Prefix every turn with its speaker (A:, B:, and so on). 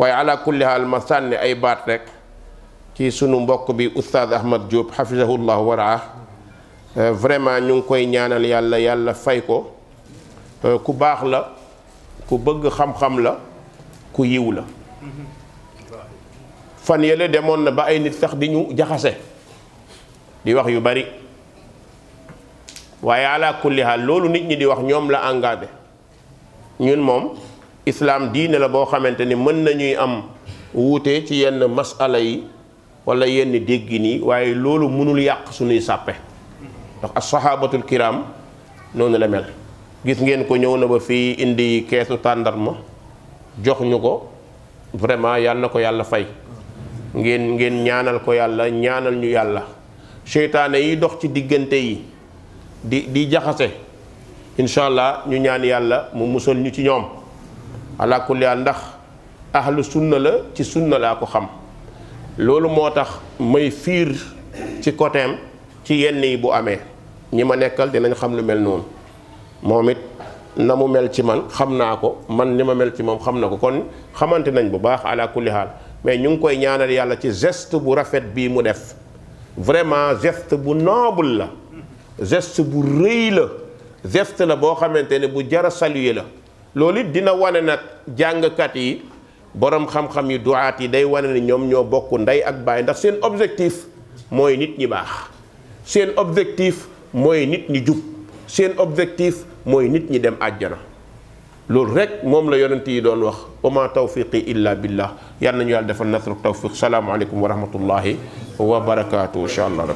A: waaye ala kulli haal ma sànni ay baat rek ci sunu mbokk bi oustaz Ahmad Diop hafizahullahu waraa euh, vraiment ñu ngi koy ñaanal yàlla yàlla fay ko euh, ku baax la ku bëgg xam-xam la ku yiw la fan yële demoon na ba ay nit sax di ñu jaxase di wax yu bari waaye ala kulli haal loolu nit ñi di wax ñoom la engagé ñun moom islaam diine la boo xamante ni mën nañuy am wuute ci yenn masala yi walla yenn déggin yi waaye loolu mënul yàq suñuy sàppe ndax as sahabatul kiram noonu la mel gis ngeen ko ñëw na ba fii indi keesu tàndarma jox ñu ko vraiment yàlla na ko yàlla fay ngeen ngeen ñaanal ko yàlla ñaanal ñu yàlla seytaane yi dox ci diggante yi di di jaxase incha allah ñu ñaan yàlla mu musal ñu ci ñoom ala kulli haal ndax ahlu sunna la ci sunna laa ko xam loolu moo tax may fiir ci côtéem ci yenn yi bu amee ñi ma nekkal dinañ xam lu mel noonu moom it na mu mel ci man xam naa ko man ni ma mel ci moom xam na ko kon xamante nañ bu baax ala mais ñu ngi koy ñaanal yàlla ci geste bu rafet bii mu def vraiment geste bu noble la gest bu rëy la geste la boo xamante ne bu jara saluer la loolu it dina wane nag jàngkat yi boroom xam-xam yi duwaat yi day wane ne ñoom ñoo bokk ndey ak baay ndax seen objectif mooy nit ñi baax seen objectif mooy nit ñi jub seen objectif mooy nit ñi dem àjjana loolu rek moom la yonent yi doon wax wa ma tawfiqi illa billah yal nañu yàlla defal nasru tawfiq salaamualeykum wa rahmatullahi wa barakaatu incha allah